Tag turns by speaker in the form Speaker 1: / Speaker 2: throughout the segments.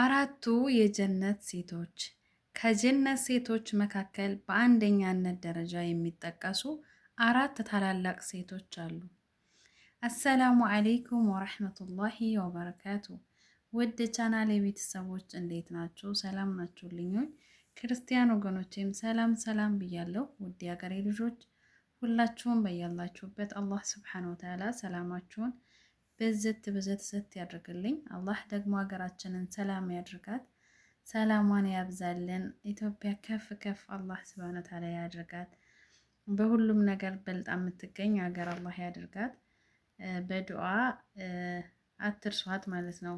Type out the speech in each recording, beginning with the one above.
Speaker 1: አራቱ የጀነት ሴቶች ከጀነት ሴቶች መካከል በአንደኛነት ደረጃ የሚጠቀሱ አራት ታላላቅ ሴቶች አሉ። አሰላሙ አሌይኩም ወረህመቱላሂ ወበረካቱ። ውድ ቻናል የቤተሰቦች እንዴት ናችሁ? ሰላም ናችሁልኞኝ? ክርስቲያን ወገኖቼም ሰላም ሰላም ብያለሁ። ውድ የአገሬ ልጆች ሁላችሁም በያላችሁበት አላህ ስብሓን ወተዓላ ሰላማችሁን በዘት ብዘት ዘት ያድርግልኝ። አላህ ደግሞ ሀገራችንን ሰላም ያድርጋት፣ ሰላሟን ያብዛልን። ኢትዮጵያ ከፍ ከፍ አላህ ስብሃነ ተዓላ ያድርጋት። በሁሉም ነገር በልጣ የምትገኝ ሀገር አላህ ያድርጋት። በዱዓ አትርሷት ማለት ነው።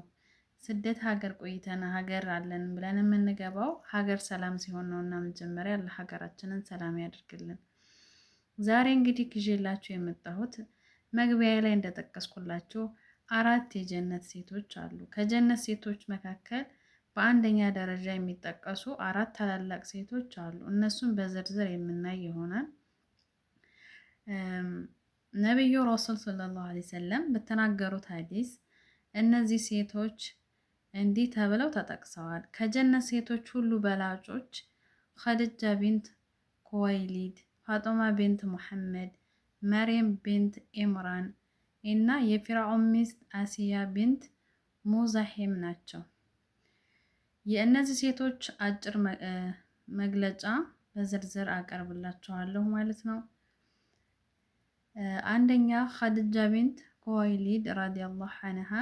Speaker 1: ስደት ሀገር ቆይተን ሀገር አለን ብለን የምንገባው ሀገር ሰላም ሲሆን ነው እና መጀመሪያ ለሀገራችንን ሰላም ያደርግልን ዛሬ እንግዲህ ግዤላችሁ የመጣሁት መግቢያ ላይ እንደጠቀስኩላችሁ አራት የጀነት ሴቶች አሉ። ከጀነት ሴቶች መካከል በአንደኛ ደረጃ የሚጠቀሱ አራት ታላላቅ ሴቶች አሉ። እነሱም በዝርዝር የምናይ ይሆናል። ነቢዩ ረሱል ሰለላሁ ዐለይሂ ወሰለም በተናገሩት ሐዲስ እነዚህ ሴቶች እንዲህ ተብለው ተጠቅሰዋል። ከጀነት ሴቶች ሁሉ በላጮች ኸድጃ ቢንት ኩወይሊድ፣ ፋጡማ ቢንት ሙሐመድ መርየም ቢንት ኢምራን እና የፊርዓውን ሚስት አሲያ ቢንት ሙዛሄም ናቸው። የእነዚህ ሴቶች አጭር መግለጫ በዝርዝር አቀርብላችኋለሁ ማለት ነው። አንደኛ ኸድጃ ቢንት ኩወይሊድ ረዲየላሁ አንሃ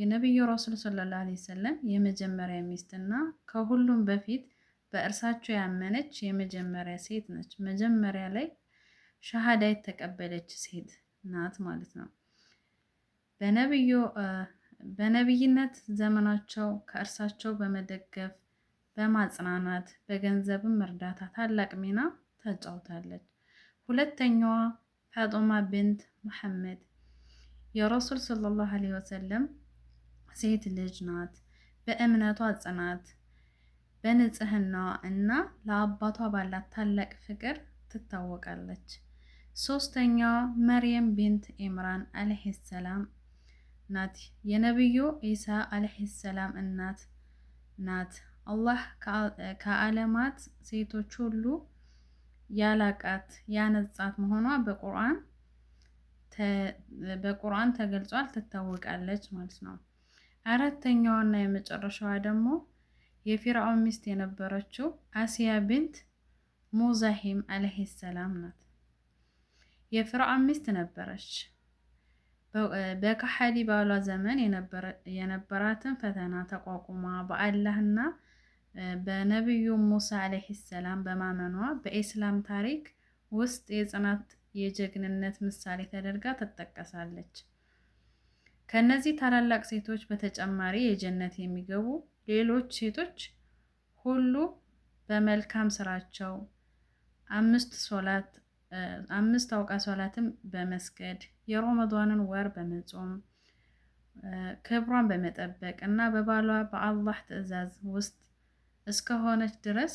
Speaker 1: የነቢዩ ረሱል ሰለላሁ ዐለይሂ ወሰለም የመጀመሪያ ሚስት እና ከሁሉም በፊት በእርሳቸው ያመነች የመጀመሪያ ሴት ነች። መጀመሪያ ላይ ሸሃዳ የተቀበለች ሴት ናት ማለት ነው። በነብይነት ዘመናቸው ከእርሳቸው በመደገፍ በማጽናናት በገንዘብም እርዳታ ታላቅ ሚና ተጫውታለች። ሁለተኛዋ ፋጡማ ብንት መሐመድ የረሱል ሰለላሁ ዐለይሂ ወሰለም ሴት ልጅ ናት። በእምነቷ ጽናት፣ በንጽህናዋ እና ለአባቷ ባላት ታላቅ ፍቅር ትታወቃለች። ሶስተኛዋ መርየም ቢንት ኢምራን አለህ ሰላም ናት። የነቢዩ ኢሳ አለህ ሰላም እናት ናት። አላህ ከዓለማት ሴቶች ሁሉ ያላቃት ያነጻት መሆኗ በቁርአን በቁርአን ተገልጿል፣ ትታወቃለች ማለት ነው። አራተኛዋና እና የመጨረሻዋ ደግሞ የፊርዓውን ሚስት የነበረችው አሲያ ቢንት ሙዛሂም አለህ ሰላም ናት። የፍራ ሚስት ነበረች። በካህዲ ባሏ ዘመን የነበራትን ፈተና ተቋቁማ በአላህና በነቢዩ ሙሳ ዓለይሂ ሰላም በማመኗ በኢስላም ታሪክ ውስጥ የጽናት የጀግንነት ምሳሌ ተደርጋ ትጠቀሳለች። ከነዚህ ታላላቅ ሴቶች በተጨማሪ የጀነት የሚገቡ ሌሎች ሴቶች ሁሉ በመልካም ስራቸው አምስት ሶላት አምስት አውቃ ሶላትም በመስገድ የሮመዷንን ወር በመጾም ክብሯን በመጠበቅ እና በባሏ በአላህ ትዕዛዝ ውስጥ እስከሆነች ድረስ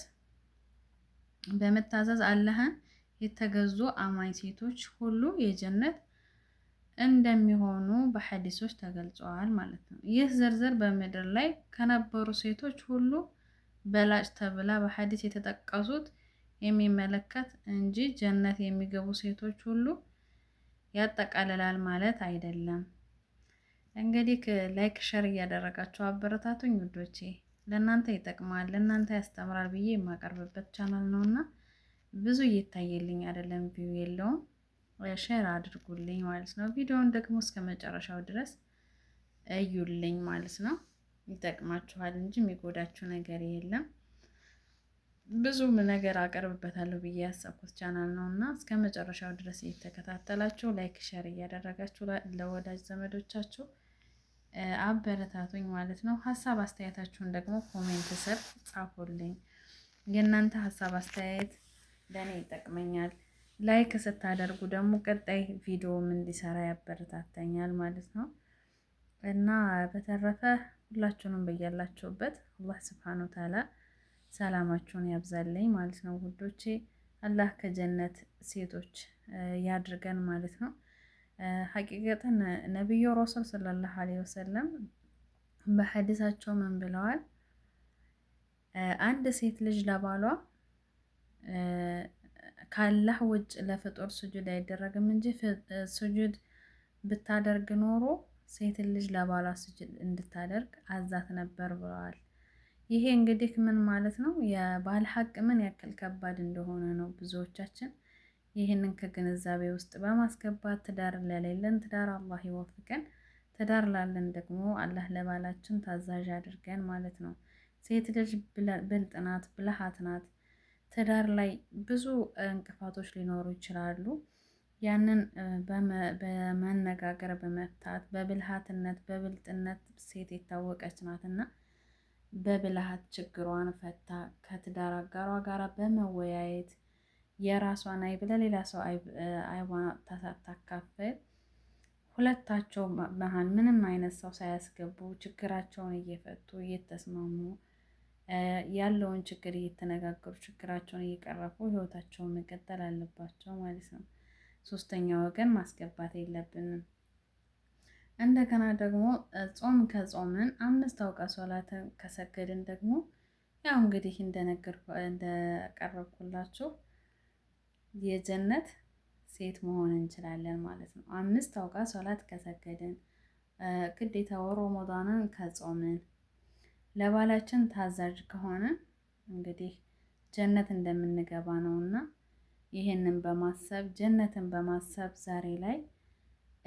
Speaker 1: በመታዘዝ አላህን የተገዙ አማኝ ሴቶች ሁሉ የጀነት እንደሚሆኑ በሐዲሶች ተገልጸዋል ማለት ነው። ይህ ዝርዝር በምድር ላይ ከነበሩ ሴቶች ሁሉ በላጭ ተብላ በሐዲስ የተጠቀሱት የሚመለከት እንጂ ጀነት የሚገቡ ሴቶች ሁሉ ያጠቃልላል ማለት አይደለም። እንግዲህ ላይክ ሸር እያደረጋችሁ አበረታቱኝ ውዶቼ። ለእናንተ ይጠቅማል ለእናንተ ያስተምራል ብዬ የማቀርብበት ቻናል ነው እና ብዙ እየታየልኝ አይደለም፣ ቪው የለውም። ሼር አድርጉልኝ ማለት ነው። ቪዲዮውን ደግሞ እስከ መጨረሻው ድረስ እዩልኝ ማለት ነው። ይጠቅማችኋል እንጂ የሚጎዳችሁ ነገር የለም። ብዙም ነገር አቀርብበታለሁ ብዬ ያሰብኩት ቻናል ነው እና እስከ መጨረሻው ድረስ እየተከታተላችሁ ላይክ፣ ሸር እያደረጋችሁ ለወዳጅ ዘመዶቻችሁ አበረታቱኝ ማለት ነው። ሀሳብ አስተያየታችሁን ደግሞ ኮሜንት ስር ጻፉልኝ። የእናንተ ሀሳብ አስተያየት ለእኔ ይጠቅመኛል። ላይክ ስታደርጉ ደግሞ ቀጣይ ቪዲዮም እንዲሰራ ያበረታተኛል ማለት ነው እና በተረፈ ሁላችሁንም በያላችሁበት አላህ ስብሓን ወተዓላ ሰላማችሁን ያብዛልኝ ማለት ነው ውዶቼ። አላህ ከጀነት ሴቶች ያድርገን ማለት ነው። ሀቂቀተን ነቢዩ ረሱል ሰለላሁ ዐለይሂ ወሰለም በሐዲሳቸው ምን ብለዋል? አንድ ሴት ልጅ ለባሏ ካላህ ውጭ ለፍጡር ስጁድ አይደረግም እንጂ ስጁድ ብታደርግ ኖሮ ሴት ልጅ ለባሏ ስጁድ እንድታደርግ አዛት ነበር ብለዋል። ይሄ እንግዲህ ምን ማለት ነው? የባል ሀቅ ምን ያክል ከባድ እንደሆነ ነው። ብዙዎቻችን ይህንን ከግንዛቤ ውስጥ በማስገባት ትዳር ለሌለን ትዳር አላህ ይወፍቀን፣ ትዳር ላለን ደግሞ አላህ ለባላችን ታዛዥ አድርገን ማለት ነው። ሴት ልጅ ብልጥ ናት፣ ብልሃት ናት። ትዳር ላይ ብዙ እንቅፋቶች ሊኖሩ ይችላሉ። ያንን በመነጋገር በመፍታት በብልሃትነት በብልጥነት ሴት የታወቀች ናትና በብልሃት ችግሯን ፈታ። ከትዳር አጋሯ ጋር በመወያየት የራሷን አይብ ለሌላ ሰው አይቧን ታሳታካፍል። ሁለታቸው መሀል ምንም አይነት ሰው ሳያስገቡ ችግራቸውን እየፈቱ እየተስማሙ ያለውን ችግር እየተነጋገሩ ችግራቸውን እየቀረፉ ህይወታቸውን መቀጠል አለባቸው ማለት ነው። ሶስተኛ ወገን ማስገባት የለብንም። እንደገና ደግሞ ጾም ከጾምን አምስት አውቃ ሶላትን ከሰገድን ደግሞ ያው እንግዲህ እንደነገር እንደቀረብኩላችሁ የጀነት ሴት መሆን እንችላለን ማለት ነው። አምስት አውቃ ሶላት ከሰገድን ግዴታ ወሮሞዳንን ከጾምን ለባላችን ታዛዥ ከሆነ እንግዲህ ጀነት እንደምንገባ ነው እና ይህንን በማሰብ ጀነትን በማሰብ ዛሬ ላይ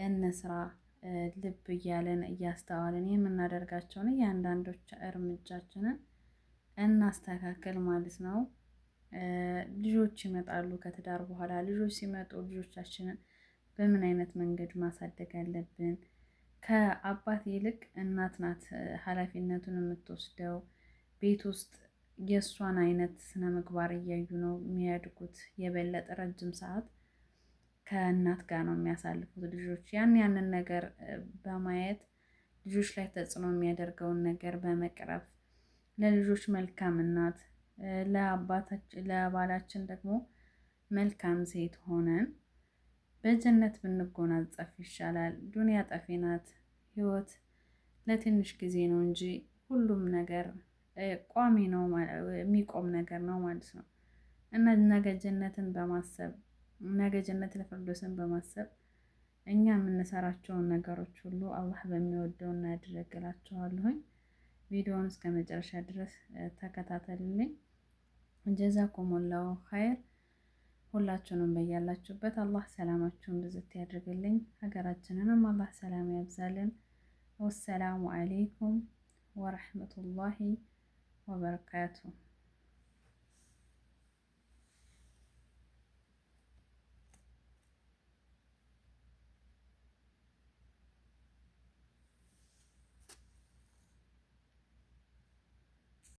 Speaker 1: እንስራ። ልብ እያለን እያስተዋልን የምናደርጋቸውን እያንዳንዶች እርምጃችንን እናስተካከል ማለት ነው። ልጆች ይመጣሉ። ከትዳር በኋላ ልጆች ሲመጡ ልጆቻችንን በምን አይነት መንገድ ማሳደግ አለብን? ከአባት ይልቅ እናት ናት ኃላፊነቱን የምትወስደው። ቤት ውስጥ የእሷን አይነት ስነ ምግባር እያዩ ነው የሚያድጉት የበለጠ ረጅም ሰዓት ከእናት ጋር ነው የሚያሳልፉት ልጆች። ያን ያንን ነገር በማየት ልጆች ላይ ተጽዕኖ የሚያደርገውን ነገር በመቅረፍ ለልጆች መልካም እናት፣ ለባላችን ደግሞ መልካም ሴት ሆነን በጀነት ብንጎናጸፍ ይሻላል። ዱንያ ጠፊ ናት። ህይወት ለትንሽ ጊዜ ነው እንጂ ሁሉም ነገር ቋሚ ነው፣ የሚቆም ነገር ነው ማለት ነው እና ነገ ጀነትን በማሰብ ነገ ጀነቱል በማሰብ እኛ የምንሰራቸውን ነገሮች ሁሉ አላህ በሚወደውና ያደረገላችኋለሁኝ። ቪዲዮውን እስከ መጨረሻ ድረስ ተከታተልልኝ። ላሁ ኸይር። ሁላችሁንም በያላችሁበት አላህ ሰላማችሁን ብዝት ያድርግልኝ። ሀገራችንንም አላህ ሰላም ያብዛልን። ወሰላሙ አሌይኩም ወረሕመቱላሂ ወበረካቱ።